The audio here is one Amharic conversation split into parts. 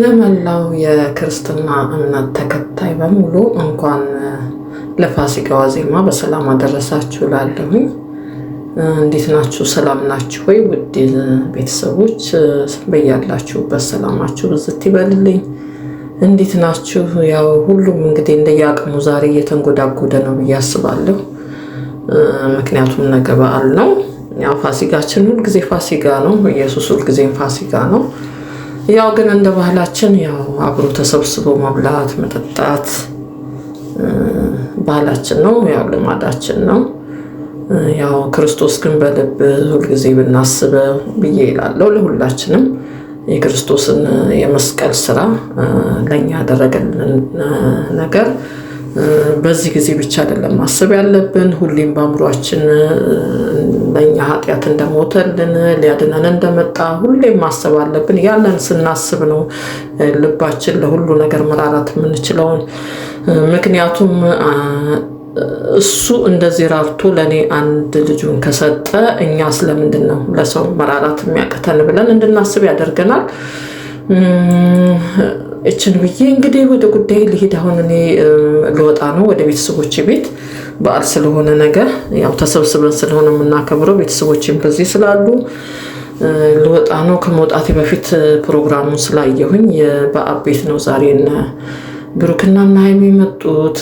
ለመላው የክርስትና እምነት ተከታይ በሙሉ እንኳን ለፋሲካ ዋዜማ በሰላም አደረሳችሁ። ላለሁ እንዴት ናችሁ? ሰላም ናችሁ ወይ? ውድ ቤተሰቦች በያላችሁበት ሰላማችሁ ብዝት ይበልልኝ። እንዴት ናችሁ? ያው ሁሉም እንግዲህ እንደየአቅሙ ዛሬ እየተንጎዳጎደ ነው ብዬ አስባለሁ። ምክንያቱም ነገ በዓል ነው። ያው ፋሲካችን ሁልጊዜ ፋሲካ ነው። ኢየሱስ ሁልጊዜም ፋሲካ ነው። ያው ግን እንደ ባህላችን ያው አብሮ ተሰብስቦ መብላት መጠጣት ባህላችን ነው፣ ያው ልማዳችን ነው። ያው ክርስቶስ ግን በልብ ሁልጊዜ ብናስበው ብዬ ይላለው። ለሁላችንም የክርስቶስን የመስቀል ስራ ለእኛ ያደረገልን ነገር በዚህ ጊዜ ብቻ አይደለም ማሰብ ያለብን ሁሌም በአእምሯችን በእኛ ኃጢአት እንደሞተልን ሊያድነን እንደመጣ ሁሌም ማሰብ አለብን። ያለን ስናስብ ነው ልባችን ለሁሉ ነገር መራራት የምንችለውን። ምክንያቱም እሱ እንደዚህ ራርቶ ለእኔ አንድ ልጁን ከሰጠ እኛ ስለምንድን ነው ለሰው መራራት የሚያቅተን ብለን እንድናስብ ያደርገናል። እችን ብዬ እንግዲህ ወደ ጉዳይ ልሂድ። አሁን እኔ ልወጣ ነው ወደ ቤተሰቦች ቤት በዓል ስለሆነ ነገር ያው ተሰብስበን ስለሆነ የምናከብረው ቤተሰቦችም በዚህ ስላሉ ልወጣ ነው። ከመውጣቴ በፊት ፕሮግራሙ ስላየሁኝ የበዓል ቤት ነው ዛሬ እነ ብሩክና እነ ሀይሚ የመጡት።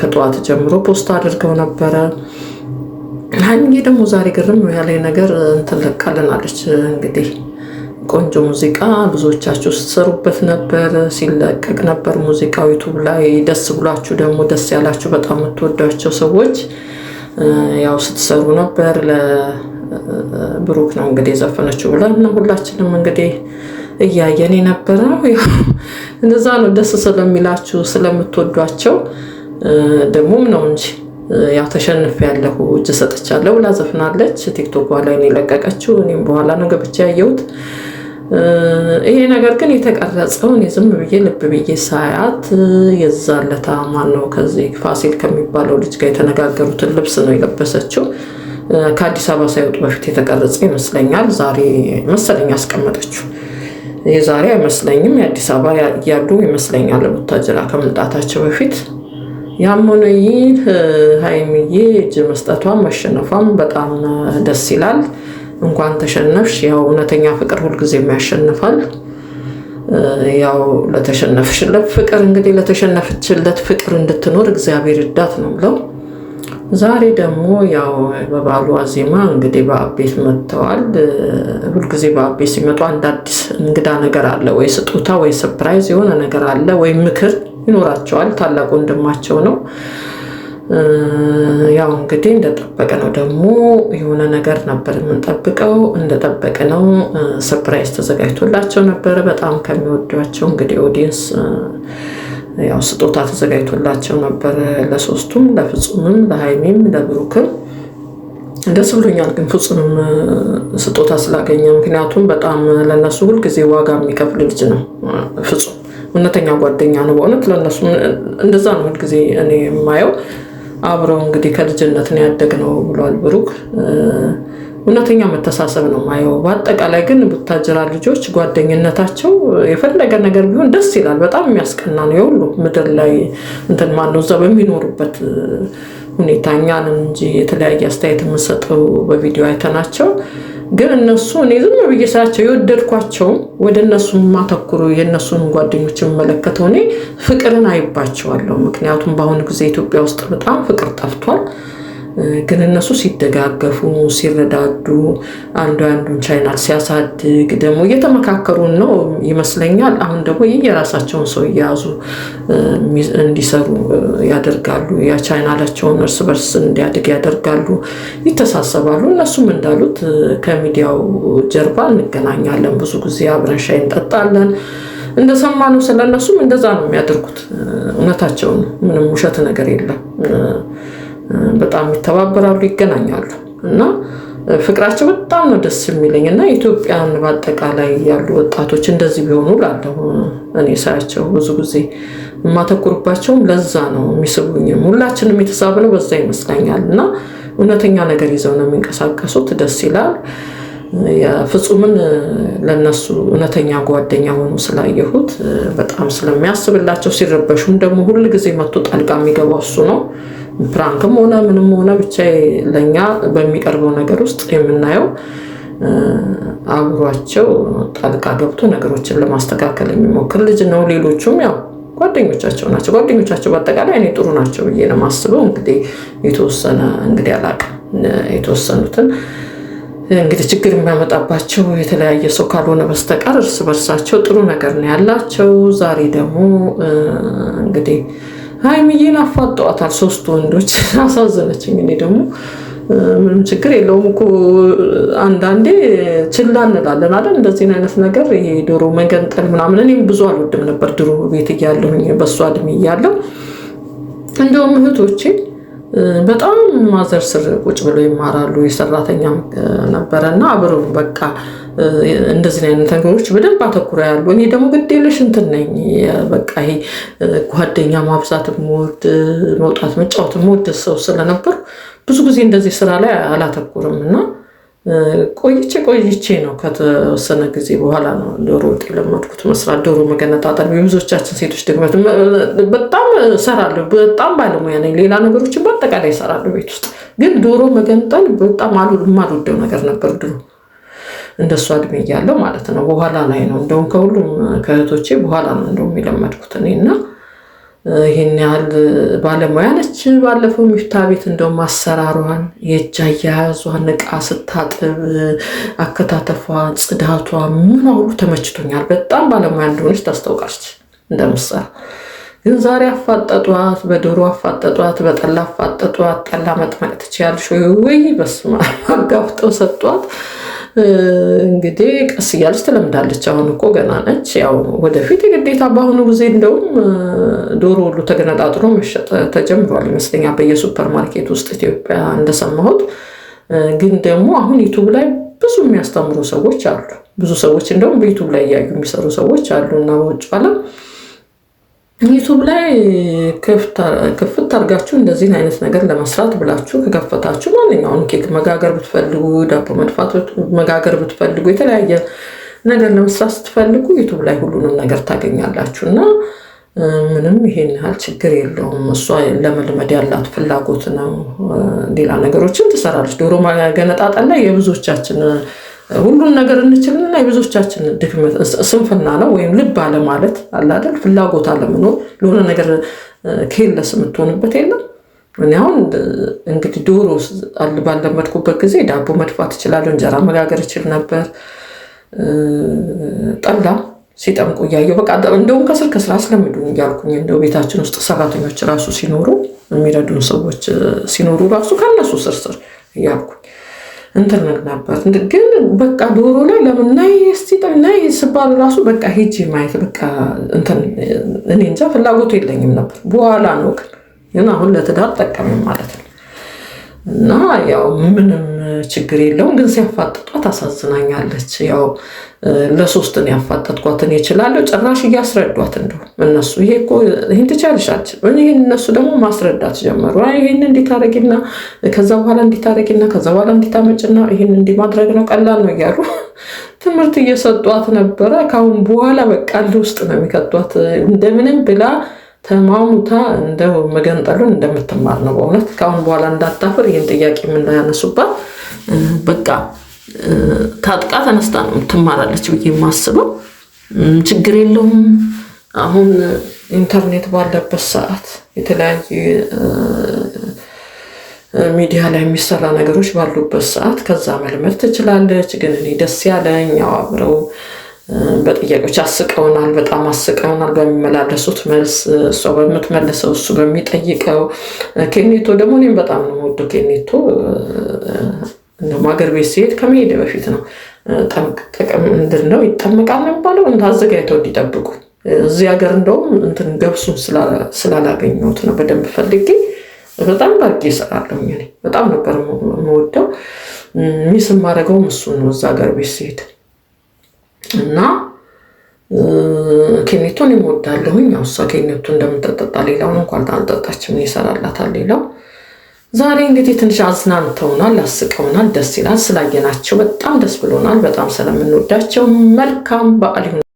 ከጠዋት ጀምሮ ፖስት አድርገው ነበረ። ሀይሚዬ ደግሞ ዛሬ ግርም ያለ ነገር እንትን ለቃልናለች እንግዲህ ቆንጆ ሙዚቃ ብዙዎቻችሁ ስትሰሩበት ነበር፣ ሲለቀቅ ነበር ሙዚቃው ዩቱብ ላይ። ደስ ብሏችሁ ደግሞ ደስ ያላችሁ በጣም የምትወዷቸው ሰዎች ያው ስትሰሩ ነበር። ለብሩክ ነው እንግዲህ ዘፈነችው ብለን ሁላችንም እንግዲህ እያየን የነበረው ነው። እንደዛ ነው ደስ ስለሚላችሁ ስለምትወዷቸው ደግሞም ነው እንጂ ያው ተሸንፍ ያለሁ እጅ ሰጥቻለሁ ብላ ዘፍናለች። ቲክቶክ ላይ ነው የለቀቀችው። እኔም በኋላ ነው ገብቼ ያየሁት። ይሄ ነገር ግን የተቀረጸውን የዝም ብዬ ልብ ብዬ ሳያት የዛለታ ማን ነው ከዚህ ፋሲል ከሚባለው ልጅ ጋር የተነጋገሩትን ልብስ ነው የለበሰችው። ከአዲስ አበባ ሳይወጡ በፊት የተቀረጸ ይመስለኛል። ዛሬ መሰለኝ አስቀመጠችው። የዛሬ አይመስለኝም። የአዲስ አበባ ያሉ ይመስለኛል ቡታጅራ ከመምጣታቸው በፊት። ያም ሆነ ይህ ሀይሚዬ እጅ መስጠቷን መሸነፏም በጣም ደስ ይላል። እንኳን ተሸነፍሽ። ያው እውነተኛ ፍቅር ሁልጊዜም ያሸንፋል። ያው ለተሸነፍሽለት ፍቅር እንግዲህ ለተሸነፍችለት ፍቅር እንድትኖር እግዚአብሔር እዳት ነው ብለው ዛሬ ደግሞ ያው በባሉ ዋዜማ እንግዲህ በአቤት መጥተዋል። ሁልጊዜ በአቤት ሲመጡ አንድ አዲስ እንግዳ ነገር አለ፣ ወይ ስጦታ፣ ወይ ሰፕራይዝ የሆነ ነገር አለ፣ ወይም ምክር ይኖራቸዋል። ታላቅ ወንድማቸው ነው። ያው እንግዲህ እንደጠበቀ ነው። ደግሞ የሆነ ነገር ነበር የምንጠብቀው። እንደጠበቀ ነው። ሰርፕራይዝ ተዘጋጅቶላቸው ነበረ። በጣም ከሚወዷቸው እንግዲህ ኦዲየንስ ያው ስጦታ ተዘጋጅቶላቸው ነበረ። ለሶስቱም፣ ለፍጹምም፣ ለሀይሚም፣ ለብሩክም ደስ ብሎኛል ግን ፍጹምም ስጦታ ስላገኘ። ምክንያቱም በጣም ለነሱ ሁልጊዜ ዋጋ የሚከፍል ልጅ ነው ፍጹም። እውነተኛ ጓደኛ ነው በእውነት ለነሱ። እንደዛ ነው ሁልጊዜ እኔ የማየው። አብረው እንግዲህ ከልጅነት ነው ያደግነው ብሏል ብሩክ። እውነተኛ መተሳሰብ ነው ማየው። በአጠቃላይ ግን ቡታጅራ ልጆች ጓደኝነታቸው የፈለገ ነገር ቢሆን ደስ ይላል። በጣም የሚያስቀና ነው። የሁሉ ምድር ላይ እንትን ማነው እዛ በሚኖሩበት ሁኔታ እኛን እንጂ የተለያየ አስተያየት የምሰጠው በቪዲዮ አይተናቸው ግን እነሱ እኔ ዝም ብዬ ሳያቸው የወደድኳቸውም ወደ እነሱ ማተኩሩ የእነሱን ጓደኞች የመለከተው እኔ ፍቅርን አይባቸዋለሁ። ምክንያቱም በአሁኑ ጊዜ ኢትዮጵያ ውስጥ በጣም ፍቅር ጠፍቷል። ግን እነሱ ሲደጋገፉ ሲረዳዱ አንዱ አንዱን ቻይናል ሲያሳድግ ደግሞ እየተመካከሩን ነው ይመስለኛል። አሁን ደግሞ ይህ የራሳቸውን ሰው እየያዙ እንዲሰሩ ያደርጋሉ። የቻይናላቸውን እርስ በርስ እንዲያድግ ያደርጋሉ፣ ይተሳሰባሉ። እነሱም እንዳሉት ከሚዲያው ጀርባ እንገናኛለን፣ ብዙ ጊዜ አብረን ሻይ እንጠጣለን። እንደሰማነው ስለነሱም እንደዛ ነው የሚያደርጉት። እውነታቸው ነው፣ ምንም ውሸት ነገር የለም። በጣም ይተባበራሉ፣ ይገናኛሉ እና ፍቅራቸው በጣም ነው ደስ የሚለኝ እና ኢትዮጵያን በአጠቃላይ ያሉ ወጣቶች እንደዚህ ቢሆኑ ላለሁ እኔ ሳያቸው ብዙ ጊዜ የማተኩርባቸውም ለዛ ነው የሚስቡኝም። ሁላችንም የተሳብ ነው በዛ ይመስለኛል እና እውነተኛ ነገር ይዘው ነው የሚንቀሳቀሱት። ደስ ይላል። ፍጹምን ለነሱ እውነተኛ ጓደኛ ሆኖ ስላየሁት በጣም ስለሚያስብላቸው ሲረበሹም ደግሞ ሁል ጊዜ መቶ ጣልቃ የሚገባው እሱ ነው። ፕራንክም ሆነ ምንም ሆነ ብቻ ለእኛ በሚቀርበው ነገር ውስጥ የምናየው አብሯቸው ጣልቃ ገብቶ ነገሮችን ለማስተካከል የሚሞክር ልጅ ነው። ሌሎቹም ያው ጓደኞቻቸው ናቸው። ጓደኞቻቸው በአጠቃላይ እኔ ጥሩ ናቸው ብዬ ነው የማስበው። እንግዲህ የተወሰነ እንግዲህ አላውቅም የተወሰኑትን እንግዲህ ችግር የሚያመጣባቸው የተለያየ ሰው ካልሆነ በስተቀር እርስ በርሳቸው ጥሩ ነገር ነው ያላቸው። ዛሬ ደግሞ እንግዲህ ሀይሚዬን አፋጠዋታል ሶስት ወንዶች። አሳዘነችኝ። እኔ ደግሞ ምንም ችግር የለውም እኮ አንዳንዴ ችላ እንላለን አይደል? እንደዚህን አይነት ነገር ይሄ ዶሮ መገንጠል ምናምን እኔም ብዙ አልወድም ነበር ድሮ ቤት እያለሁኝ በእሷ እድሜ እያለሁ እንደውም እህቶቼ በጣም ማዘር ስር ቁጭ ብለው ይማራሉ። የሰራተኛም ነበረ እና አብሮ በቃ እንደዚህ አይነት ነገሮች በደንብ አተኩረ ያሉ። እኔ ደግሞ ግዴለሽ የለሽ እንትን ነኝ። በቃ ይሄ ጓደኛ ማብዛት ወድ መውጣት መጫወት የምወድ ሰው ስለነበሩ ብዙ ጊዜ እንደዚህ ስራ ላይ አላተኩርም እና ቆይቼ ቆይቼ ነው ከተወሰነ ጊዜ በኋላ ነው ዶሮ ወጥ የለመድኩት መስራት። ዶሮ መገነጣጠል የብዙዎቻችን ሴቶች ድክመት። በጣም እሰራለሁ፣ በጣም ባለሙያ ነኝ። ሌላ ነገሮችን በአጠቃላይ እሰራለሁ ቤት ውስጥ ግን ዶሮ መገንጠል በጣም የማልወደው ነገር ነበር ድሮ እንደሱ አድሜ እያለው ማለት ነው። በኋላ ላይ ነው እንደውም ከሁሉም ከእህቶቼ በኋላ ነው እንደውም የለመድኩት እኔ እና ይህን ያህል ባለሙያ ነች። ባለፈው ሚፍታ ቤት እንደውም አሰራሯን የእጅ አያያዟን፣ እቃ ስታጥብ አከታተፏ፣ ጽዳቷ ምን ሁሉ ተመችቶኛል። በጣም ባለሙያ እንደሆነች ታስታውቃለች እንደምትሰራ ግን ዛሬ አፋጠጧት፣ በዶሮ አፋጠጧት፣ በጠላ አፋጠጧት። ጠላ መጥመቅ ትችያለሽ ወይ? በስመ አብ አጋፍጠው ሰጧት። እንግዲህ ቀስ እያለች ትለምዳለች። አሁን እኮ ገና ነች። ያው ወደፊት የግዴታ በአሁኑ ጊዜ እንደውም ዶሮ ሁሉ ተገነጣጥሮ መሸጥ ተጀምሯል ይመስለኛል በየሱፐር ማርኬት ውስጥ ኢትዮጵያ እንደሰማሁት። ግን ደግሞ አሁን ዩቱብ ላይ ብዙ የሚያስተምሩ ሰዎች አሉ። ብዙ ሰዎች እንደውም በዩቱብ ላይ እያዩ የሚሰሩ ሰዎች አሉ እና በውጭ ዓለም ዩቱብ ላይ ክፍት አድርጋችሁ እንደዚህን አይነት ነገር ለመስራት ብላችሁ ከከፈታችሁ ማንኛውም ኬክ መጋገር ብትፈልጉ፣ ዳቦ መድፋት መጋገር ብትፈልጉ፣ የተለያየ ነገር ለመስራት ስትፈልጉ ዩቱብ ላይ ሁሉንም ነገር ታገኛላችሁ እና ምንም ይሄን ያህል ችግር የለውም። እሷ ለመልመድ ያላት ፍላጎት ነው። ሌላ ነገሮችን ትሰራለች። ዶሮ ማገነጣጠል ላይ የብዙዎቻችን ሁሉን ነገር እንችልና የብዙዎቻችን ድክመት ስንፍና ነው፣ ወይም ልብ አለማለት አለ አይደል? ፍላጎት አለመኖር ለሆነ ነገር ኬለስ የምትሆንበት የለም። እኔ አሁን እንግዲህ ዶሮ ባለመድኩበት ጊዜ ዳቦ መድፋት እችላለሁ፣ እንጀራ መጋገር እችል ነበር። ጠላ ሲጠምቁ እያየሁ በቃ እንደውም ከስር ከስራ አስለምዱን እያልኩኝ እንደው ቤታችን ውስጥ ሰራተኞች ራሱ ሲኖሩ የሚረዱን ሰዎች ሲኖሩ ራሱ ከነሱ ስርስር እያልኩኝ እንትን ነበር ግን በቃ ዶሮ ላይ ለምን ናይ ስቲጣ ናይ ስባል ራሱ በቃ ሄጅ ማየት በቃ እንትን እኔ እንጃ ፍላጎቱ የለኝም ነበር። በኋላ ነው ግን አሁን ለትዳር ጠቀምም ማለት ነው። እና ያው ምንም ችግር የለውም። ግን ሲያፋጥጧት አሳዝናኛለች። ያው ለሶስት ነው ያፋጠጥኳት። እኔ እችላለሁ ጭራሽ እያስረዷት እንደው እነሱ ይሄ እኮ ይህን ትቻልሻች ይህን እነሱ ደግሞ ማስረዳት ጀመሩ። ይህን እንዲታረጊና ከዛ በኋላ እንዲታረጊና ከዛ በኋላ እንዲታመጭና ይህን እንዲማድረግ ነው ቀላል ነው እያሉ ትምህርት እየሰጧት ነበረ። ካሁን በኋላ በቃ ውስጥ ነው የሚከቷት እንደምንም ብላ ተማሙታ እንደው መገንጠሉን እንደምትማር ነው። በእውነት ከአሁን በኋላ እንዳታፍር። ይህን ጥያቄ የምናያነሱባት በቃ ታጥቃ ተነስታ ነው ትማራለች ብዬ የማስበው። ችግር የለውም። አሁን ኢንተርኔት ባለበት ሰዓት የተለያዩ ሚዲያ ላይ የሚሰራ ነገሮች ባሉበት ሰዓት ከዛ መልመድ ትችላለች። ግን እኔ ደስ ያለኝ አብረው በጥያቄዎች አስቀውናል፣ በጣም አስቀውናል። በሚመላለሱት መልስ እሷ በምትመልሰው እሱ በሚጠይቀው ኬኔቶ ደግሞ እኔም በጣም ነው የምወደው ኬኔቶ ሀገር ቤት ሲሄድ ከመሄደ በፊት ነው ምንድን ነው ይጠመቃል የሚባለው አዘጋጅተው እንዲጠብቁ እዚህ ሀገር እንደውም እንትን ገብሱም ስላላገኘሁት ነው በደንብ ፈልጌ በጣም ባርጌ እሰራለሁ። በጣም ነበር የምወደው ሚስ የማደርገውም እሱ ነው እዛ ሀገር ቤት ሲሄድ እና ኬኔቶን ይወዳለሁኝ። ያው እሷ ኬኔቶ እንደምጠጠጣ ሌላውን እንኳን አልጠጣችም፣ ይሰራላታል። ሌላው ዛሬ እንግዲህ ትንሽ አዝናንተውናል፣ አስቀውናል፣ ደስ ይላል። ስላየናቸው በጣም ደስ ብሎናል። በጣም ስለምንወዳቸው መልካም በዓል